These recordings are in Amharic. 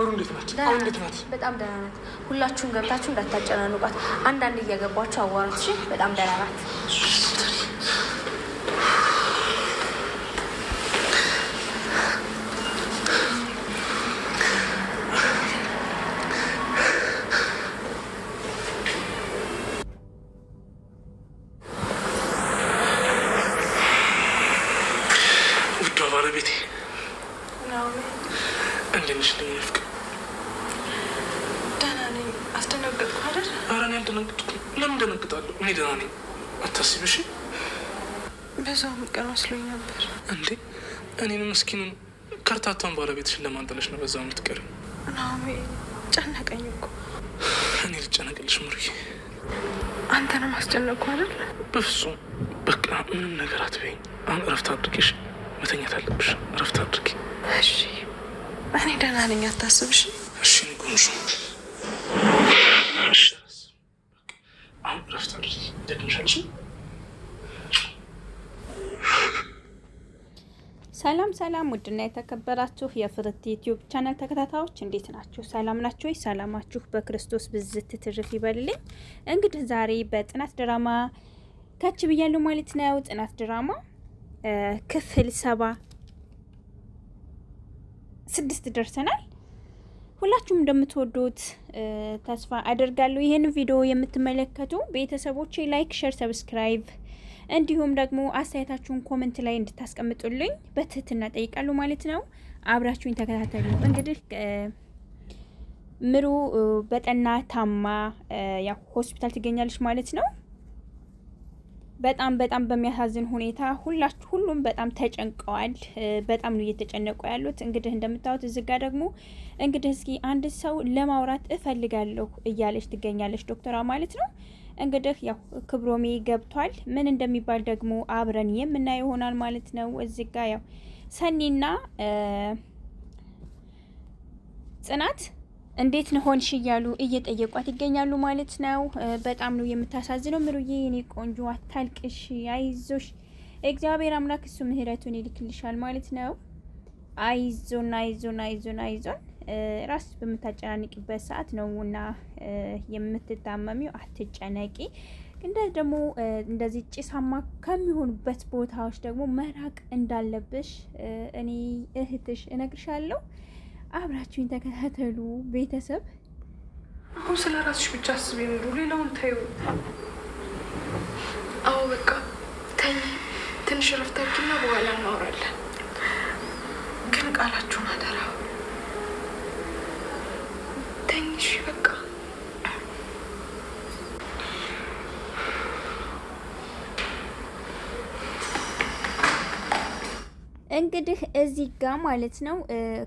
ምሩ እንዴት ናት? አሁን እንዴት ናት? በጣም ደህና ናት። ሁላችሁም ገብታችሁ እንዳታጨናንቋት። አንዳንድ እየገባችሁ አዋራት። እሺ፣ በጣም ደህና ናት። ደነግጣለሁ። እኔ ደህና ነኝ፣ አታስቢ እሺ። በዛው ምቀር መስሎኝ ነበር እንዴ። እኔን ምስኪኑን ከርታታን ባለቤትሽን ለማንጠለሽ ነው በዛ ምትቀር። ናሜ። ጨነቀኝ እኮ እኔ ልጨነቅልሽ ሙሩዬ። አንተንም አስጨነቅኩ አይደል? በፍጹም በቃ ምንም ነገር አትበይኝ። አሁን እረፍት አድርጌሽ መተኛት አለብሽ። እረፍት አድርጌ እሺ። እኔ ደህና ነኝ፣ አታስብሽ እሺ ንጉምሽ ረፍታል ደግሻልሽ። ሰላም ሰላም፣ ውድና የተከበራችሁ የፍርት ዩቲዩብ ቻናል ተከታታዮች እንዴት ናችሁ? ሰላም ናችሁ ወይ? ሰላማችሁ በክርስቶስ ብዝት ትርፍ ይበልልኝ። እንግዲህ ዛሬ በጽናት ድራማ ከች ብያለሁ ማለት ነው። ጽናት ድራማ ክፍል ሰባ ስድስት ደርሰናል። ሁላችሁም እንደምትወዱት ተስፋ አደርጋለሁ። ይህን ቪዲዮ የምትመለከቱ ቤተሰቦች ላይክ፣ ሸር፣ ሰብስክራይብ እንዲሁም ደግሞ አስተያየታችሁን ኮመንት ላይ እንድታስቀምጡልኝ በትህትና ጠይቃሉ ማለት ነው። አብራችሁኝ ተከታተሉ። እንግዲህ ምሩ በጠና ታማ ያው ሆስፒታል ትገኛለች ማለት ነው። በጣም በጣም በሚያሳዝን ሁኔታ ሁላችሁ ሁሉም በጣም ተጨንቀዋል። በጣም ነው እየተጨነቁ ያሉት። እንግዲህ እንደምታዩት እዚህ ጋር ደግሞ እንግዲህ እስኪ አንድ ሰው ለማውራት እፈልጋለሁ እያለች ትገኛለች ዶክተሯ ማለት ነው። እንግዲህ ያው ክብሮሜ ገብቷል። ምን እንደሚባል ደግሞ አብረን የምናየው ይሆናል ማለት ነው። እዚህ ጋር ያው ሰኒና ጽናት እንዴት ሆንሽ እያሉ እየጠየቋት ይገኛሉ ማለት ነው። በጣም ነው የምታሳዝነው። ምሩዬ የኔ ቆንጆ አታልቅሽ፣ አይዞሽ እግዚአብሔር አምላክ እሱ ምህረቱን ይልክልሻል ማለት ነው። አይዞን አይዞን አይዞን አይዞን። ራስ በምታጨናንቅበት ሰዓት ነው እና የምትታመሚው። አትጨነቂ። እንደ ደግሞ እንደዚህ ጭሳማ ከሚሆኑበት ቦታዎች ደግሞ መራቅ እንዳለብሽ እኔ እህትሽ እነግርሻለሁ። አብራችሁኝ ተከታተሉ ቤተሰብ። አሁን ስለ ራስሽ ብቻ አስቢ፣ ምሩ ሌላውን ታዩ። አዎ በቃ ተይ፣ ትንሽ እረፍት አድርጊና በኋላ እናወራለን። ግን ቃላችሁን አደራ ተኝሽ በቃ እንግዲህ እዚህ ጋ ማለት ነው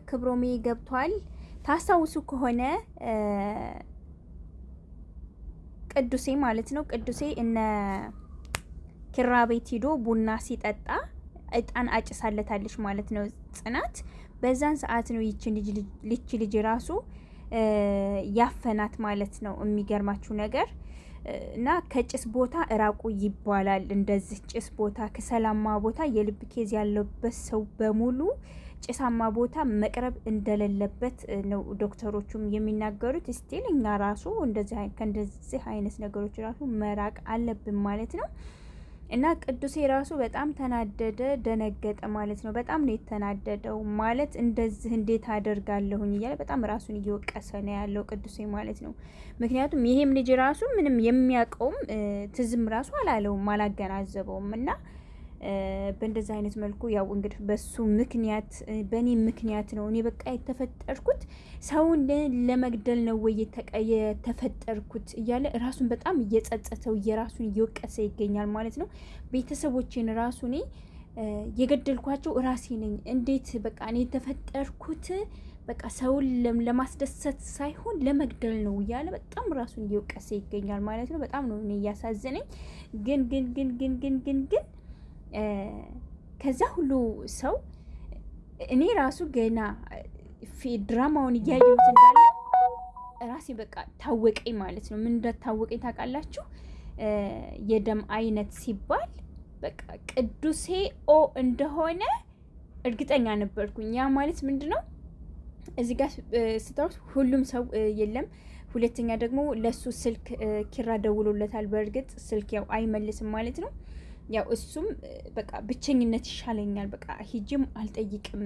ክብሮሜ ገብቷል። ታስታውሱ ከሆነ ቅዱሴ ማለት ነው ቅዱሴ እነ ኪራ ቤት ሂዶ ቡና ሲጠጣ እጣን አጭሳለታለች ማለት ነው ጽናት። በዛን ሰዓት ነው ይቺ ልጅ ራሱ ያፈናት ማለት ነው። የሚገርማችሁ ነገር እና ከጭስ ቦታ እራቁ ይባላል። እንደዚህ ጭስ ቦታ፣ ከሰላማ ቦታ የልብ ኬዝ ያለበት ሰው በሙሉ ጭሳማ ቦታ መቅረብ እንደሌለበት ነው ዶክተሮቹም የሚናገሩት። ስቲል እኛ ራሱ ከእንደዚህ አይነት ነገሮች ራሱ መራቅ አለብን ማለት ነው። እና ቅዱሴ ራሱ በጣም ተናደደ፣ ደነገጠ ማለት ነው። በጣም ነው የተናደደው ማለት እንደዚህ እንዴት አደርጋለሁኝ እያለ በጣም ራሱን እየወቀሰ ነው ያለው ቅዱሴ ማለት ነው። ምክንያቱም ይሄም ልጅ ራሱ ምንም የሚያውቀውም ትዝም ራሱ አላለውም አላገናዘበውም እና በእንደዚህ አይነት መልኩ ያው እንግዲህ በሱ ምክንያት በእኔ ምክንያት ነው እኔ በቃ የተፈጠርኩት ሰውን ለመግደል ነው ወይ የተፈጠርኩት እያለ ራሱን በጣም እየጸጸተው የራሱን እየወቀሰ ይገኛል ማለት ነው። ቤተሰቦቼን ራሱ እኔ የገደልኳቸው ራሴ ነኝ። እንዴት በቃ እኔ የተፈጠርኩት በቃ ሰውን ለማስደሰት ሳይሆን ለመግደል ነው እያለ በጣም ራሱን እየወቀሰ ይገኛል ማለት ነው። በጣም ነው እኔ እያሳዘነኝ ግን ግን ግን ግን ግን ግን ግን ከዛ ሁሉ ሰው እኔ ራሱ ገና ድራማውን እያየሁት እንዳለ ራሴ በቃ ታወቀኝ ማለት ነው። ምን እንደታወቀኝ ታውቃላችሁ? የደም አይነት ሲባል በቃ ቅዱሴ ኦ እንደሆነ እርግጠኛ ነበርኩኝ። ያ ማለት ምንድን ነው? እዚህ ጋር ስታውስ ሁሉም ሰው የለም። ሁለተኛ ደግሞ ለሱ ስልክ ኪራ ደውሎለታል። በእርግጥ ስልክ ያው አይመልስም ማለት ነው። ያው እሱም በቃ ብቸኝነት ይሻለኛል፣ በቃ ሂጅም አልጠይቅም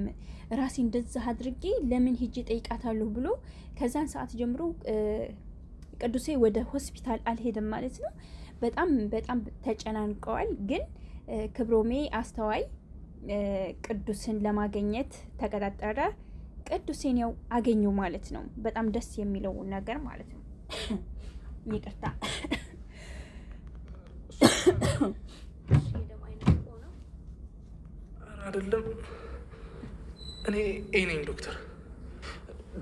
ራሴ እንደዛ አድርጌ ለምን ሂጅ ጠይቃታለሁ ብሎ ከዛን ሰዓት ጀምሮ ቅዱሴ ወደ ሆስፒታል አልሄደም ማለት ነው። በጣም በጣም ተጨናንቀዋል። ግን ክብሮሜ አስተዋይ ቅዱስን ለማገኘት ተቀጣጠረ። ቅዱሴን ያው አገኘው ማለት ነው። በጣም ደስ የሚለው ነገር ማለት ነው። ይቅርታ አይደለም። እኔ ኤ ነኝ ዶክተር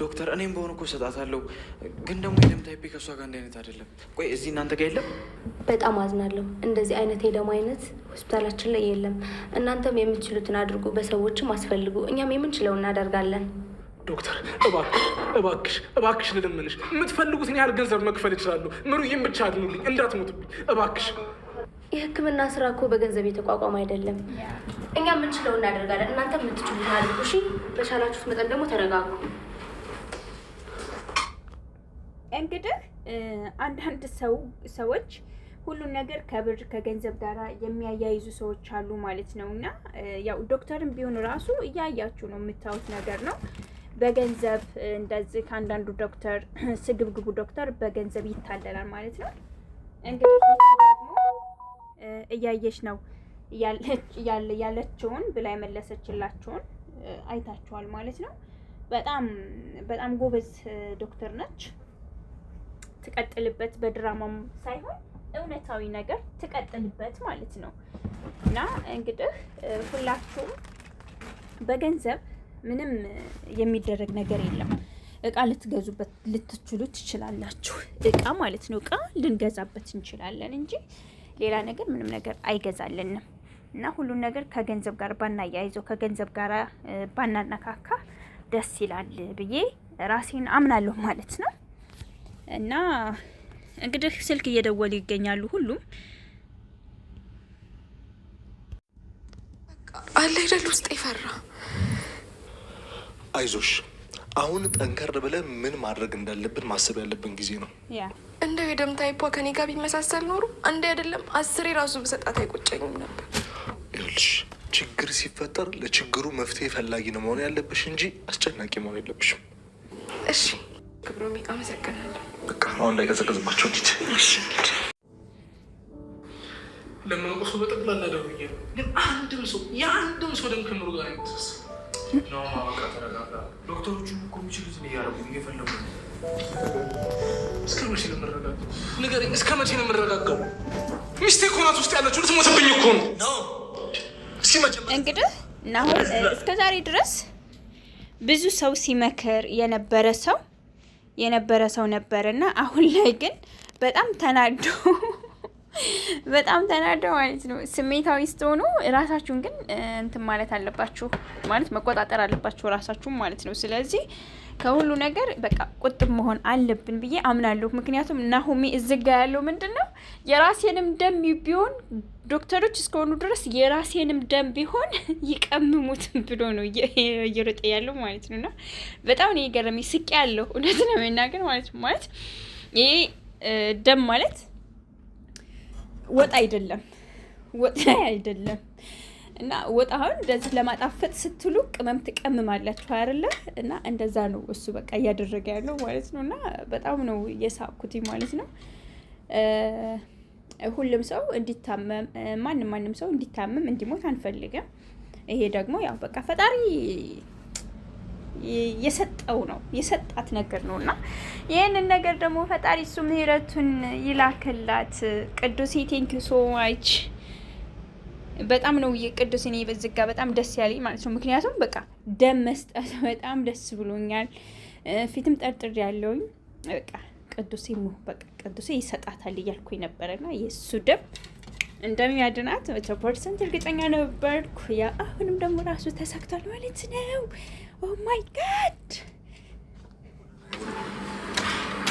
ዶክተር እኔም በሆነ እኮ እሰጣታለሁ፣ ግን ደግሞ የደም ታይፔ ከእሷ ጋር እንደ አይነት አይደለም። ቆይ እዚህ እናንተ ጋር የለም? በጣም አዝናለሁ። እንደዚህ አይነት የደም አይነት ሆስፒታላችን ላይ የለም። እናንተም የምትችሉትን አድርጉ፣ በሰዎችም አስፈልጉ፣ እኛም የምንችለው እናደርጋለን። ዶክተር እባክሽ እባክሽ እባክሽ ልለምንሽ፣ የምትፈልጉትን ያህል ገንዘብ መክፈል ይችላሉ። ምሩዬም ብቻ አድኑልኝ፣ እንዳትሞትብኝ እባክሽ። የህክምና ስራ እኮ በገንዘብ የተቋቋመ አይደለም። እኛ የምንችለው እናደርጋለን፣ እናንተ የምትችሉት አድርጉ። እሺ፣ በቻላችሁት መጠን ደግሞ ተረጋጉ። እንግዲህ አንዳንድ ሰው ሰዎች ሁሉን ነገር ከብር ከገንዘብ ጋር የሚያያይዙ ሰዎች አሉ ማለት ነው። እና ያው ዶክተርም ቢሆን ራሱ እያያችሁ ነው የምታዩት ነገር ነው። በገንዘብ እንደዚህ ከአንዳንዱ ዶክተር ስግብግቡ ዶክተር በገንዘብ ይታለላል ማለት ነው እንግዲህ እያየች ነው ያለችውን ብላ የመለሰችላቸውን አይታችኋል ማለት ነው። በጣም በጣም ጎበዝ ዶክተር ነች። ትቀጥልበት፣ በድራማም ሳይሆን እውነታዊ ነገር ትቀጥልበት ማለት ነው። እና እንግዲህ ሁላችሁም በገንዘብ ምንም የሚደረግ ነገር የለም። እቃ ልትገዙበት ልትችሉ ትችላላችሁ። እቃ ማለት ነው እቃ ልንገዛበት እንችላለን እንጂ ሌላ ነገር ምንም ነገር አይገዛልንም እና ሁሉን ነገር ከገንዘብ ጋር ባናያይዘው ከገንዘብ ጋር ባናነካካ ደስ ይላል ብዬ ራሴን አምናለሁ ማለት ነው። እና እንግዲህ ስልክ እየደወሉ ይገኛሉ ሁሉም አለ አይደል ውስጥ ይፈራ አይዞሽ አሁን ጠንከር ብለን ምን ማድረግ እንዳለብን ማሰብ ያለብን ጊዜ ነው። እንደው የደም ታይፖ ከኔ ጋር ቢመሳሰል ኖሩ አንድ አይደለም አስሬ ራሱ ብሰጣት አይቆጨኝም ነበር። ይኸውልሽ ችግር ሲፈጠር ለችግሩ መፍትሄ ፈላጊ ነው መሆን ያለብሽ እንጂ አስጨናቂ መሆን የለብሽም። እሺ ክብሮሚ፣ አመሰግናለሁ። በቃ አሁን ላይ ቀዘቀዝባቸው እንዲት ለመንቁሱ በጠቅላላ ደውዬ ግን አንድም ሰው የአንድም ሰው ደም ከምሩ ጋር ይመሳሰል ነው። ማወቃ ተረጋጋ። ዶክተሮቹ እኮ የሚችሉትን እያደረጉ እየፈለጉ ነው እስከ መቼ ነው የምረጋጋው? ንገረኝ፣ እስከ መቼ ነው የምረጋጋው? ሚስቴ እኮ ናት ውስጥ ያለችው፣ ልትሞትብኝ እኮ ነው። እንግዲህ ናሁን እስከ ዛሬ ድረስ ብዙ ሰው ሲመክር የነበረ ሰው የነበረ ሰው ነበርና አሁን ላይ ግን በጣም ተናዶ በጣም ተናደው ማለት ነው። ስሜታዊ ስትሆኑ ራሳችሁን ግን እንትን ማለት አለባችሁ ማለት መቆጣጠር አለባችሁ ራሳችሁን ማለት ነው። ስለዚህ ከሁሉ ነገር በቃ ቁጥብ መሆን አለብን ብዬ አምናለሁ። ምክንያቱም ናሆሜ እዝጋ ያለው ምንድን ነው የራሴንም ደም ቢሆን ዶክተሮች እስከሆኑ ድረስ የራሴንም ደም ቢሆን ይቀምሙት ብሎ ነው እየሮጠ ያለው ማለት ነው። እና በጣም ነው የገረመኝ። ስቅ ያለሁ እውነት ነው ማለት ማለት ይሄ ደም ማለት ወጥ አይደለም፣ ወጥ አይደለም። እና ወጥ አሁን እንደዚህ ለማጣፈጥ ስትሉ ቅመም ትቀምማላችሁ አይደለ? እና እንደዛ ነው እሱ በቃ እያደረገ ያለው ማለት ነው። እና በጣም ነው የሳኩት ማለት ነው። ሁሉም ሰው እንዲታመም ማንም ማንም ሰው እንዲታመም እንዲሞት አንፈልግም። ይሄ ደግሞ ያው በቃ ፈጣሪ የሰጠው ነው የሰጣት ነገር ነው እና ይህንን ነገር ደግሞ ፈጣሪ እሱ ምህረቱን ይላክላት። ቅዱሴ ቴንኪ ሶ ማች በጣም ነው ቅዱስ እኔ በዝጋ በጣም ደስ ያለኝ ማለት ነው። ምክንያቱም በቃ ደም መስጠት በጣም ደስ ብሎኛል። ፊትም ጠርጥር ያለውኝ በቃ ቅዱሴ በቃ ቅዱሴ ይሰጣታል እያልኩ ነበረና የእሱ ደም እንደሚያድናት መቶ ፐርሰንት እርግጠኛ ነበርኩ። ያ አሁንም ደግሞ ራሱ ተሳክቷል ማለት ነው። ኦ ማይ ጋድ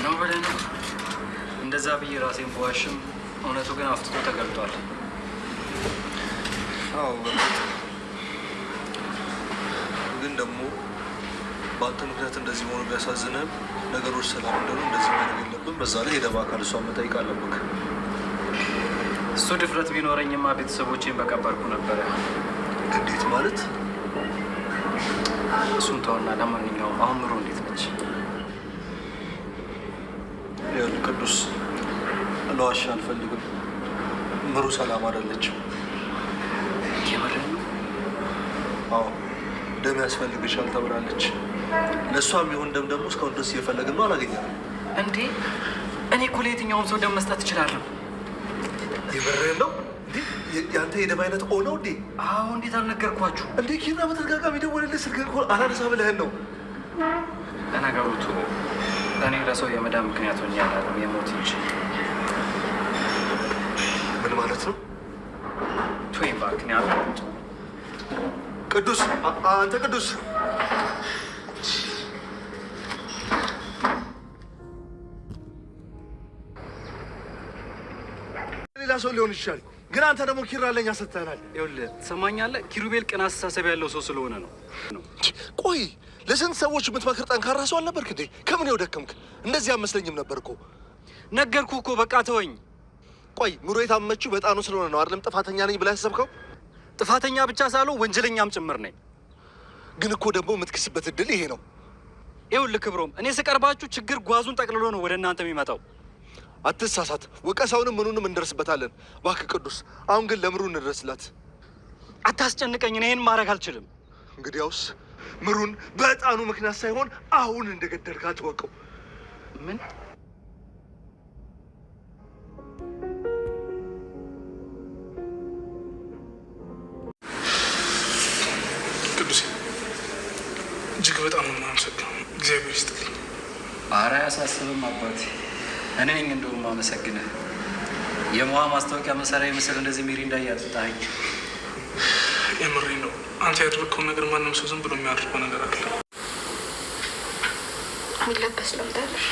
ነው ብለን እንደዛ ብዬ ራሴን በዋሽም እውነቱ ግን አፍጥቶ ተገልጧል። አዎ ግን ደግሞ በአንተ ምክንያት እንደዚህ መሆኑ ቢያሳዝንም ነገሮች ሰላም እንደሆኑ እንደዚህ ማድረግ የለብን። በዛ ላይ ሄደህ በአካል እሷን መጠየቅ አለብህ። እሱ ድፍረት ቢኖረኝማ ቤተሰቦቼን በቀበርኩ ነበረ። እንዴት ማለት እሱን ተውና፣ ለማንኛውም አሁን ምሮ እንዴት ነች? ይኸውልህ ቅዱስ ለዋሻ አልፈልግም። ምሩ ሰላም አይደለችም። የምር አዎ፣ ደም ያስፈልግሻል ተብላለች። ለእሷም ይሁን ደም ደግሞ እስካሁን ድረስ እየፈለግን ነው፣ አላገኘንም። እንዴ እኔ እኮ ለየትኛውም ሰው ደም መስጠት እችላለሁ። ይብር ነው ያንተ የደም አይነት ሆነው እንዴ? አዎ። እንዴት አልነገርኳችሁ እንዴ? ኪራ በተደጋጋሚ ደወለልህ፣ ስልክ እኮ አላነሳ ብለህን ነው። ለነገሩቱ እኔ ለሰው የመዳን ምክንያት ሆኜ አላለም የሞት እንጂ። ምን ማለት ነው? ቶይ እባክህ ቅዱስ፣ አንተ ቅዱስ ሌላ ሰው ሊሆን ይችላል። ግን አንተ ደግሞ ኪራ ለኛ ሰጥተናል። ይኸውልህ ትሰማኛለህ? ኪሩቤል ቅን አስተሳሰብ ያለው ሰው ስለሆነ ነው። ቆይ ለስንት ሰዎች የምትመክር ጠንካራ ሰው አልነበርክ እንዴ? ከምን ነው ደከምክ? እንደዚህ አመስለኝም ነበር እኮ ነገርኩ እኮ በቃ ተወኝ። ቆይ ምሮ የታመችው በጣኑ ስለሆነ ነው አይደለም? ጥፋተኛ ነኝ ብላ ያሰብከው? ጥፋተኛ ብቻ ሳለው ወንጀለኛም ጭምር ነኝ። ግን እኮ ደግሞ የምትክስበት እድል ይሄ ነው። ይኸውልህ ክብሮም፣ እኔ ስቀርባችሁ ችግር ጓዙን ጠቅልሎ ነው ወደ እናንተ የሚመጣው አትሳሳት። ወቀሳውንም ምኑንም እንደርስበታለን። እባክህ ቅዱስ፣ አሁን ግን ለምሩ እንድረስላት። አታስጨንቀኝ፣ እኔ ይህን ማድረግ አልችልም። እንግዲያውስ ምሩን በዕጣኑ ምክንያት ሳይሆን አሁን እንደገደልካ አትወቀው። ምን እጅግ በጣም ነው የማመሰግነው። እግዚአብሔር ይስጥልኝ። ኧረ አያሳስብም አባቴ እኔ ነኝ እንደውም አመሰግንህ። የሙሃ ማስታወቂያ መሰሪያ የመሰለ እንደዚህ ሚሪንዳ እያጠጣኸኝ። የምሬ ነው። አንተ ያደረግከውን ነገር ማንም ሰው ዝም ብሎ የሚያደርገው ነገር አለ። የሚለበስ ለምዳለሽ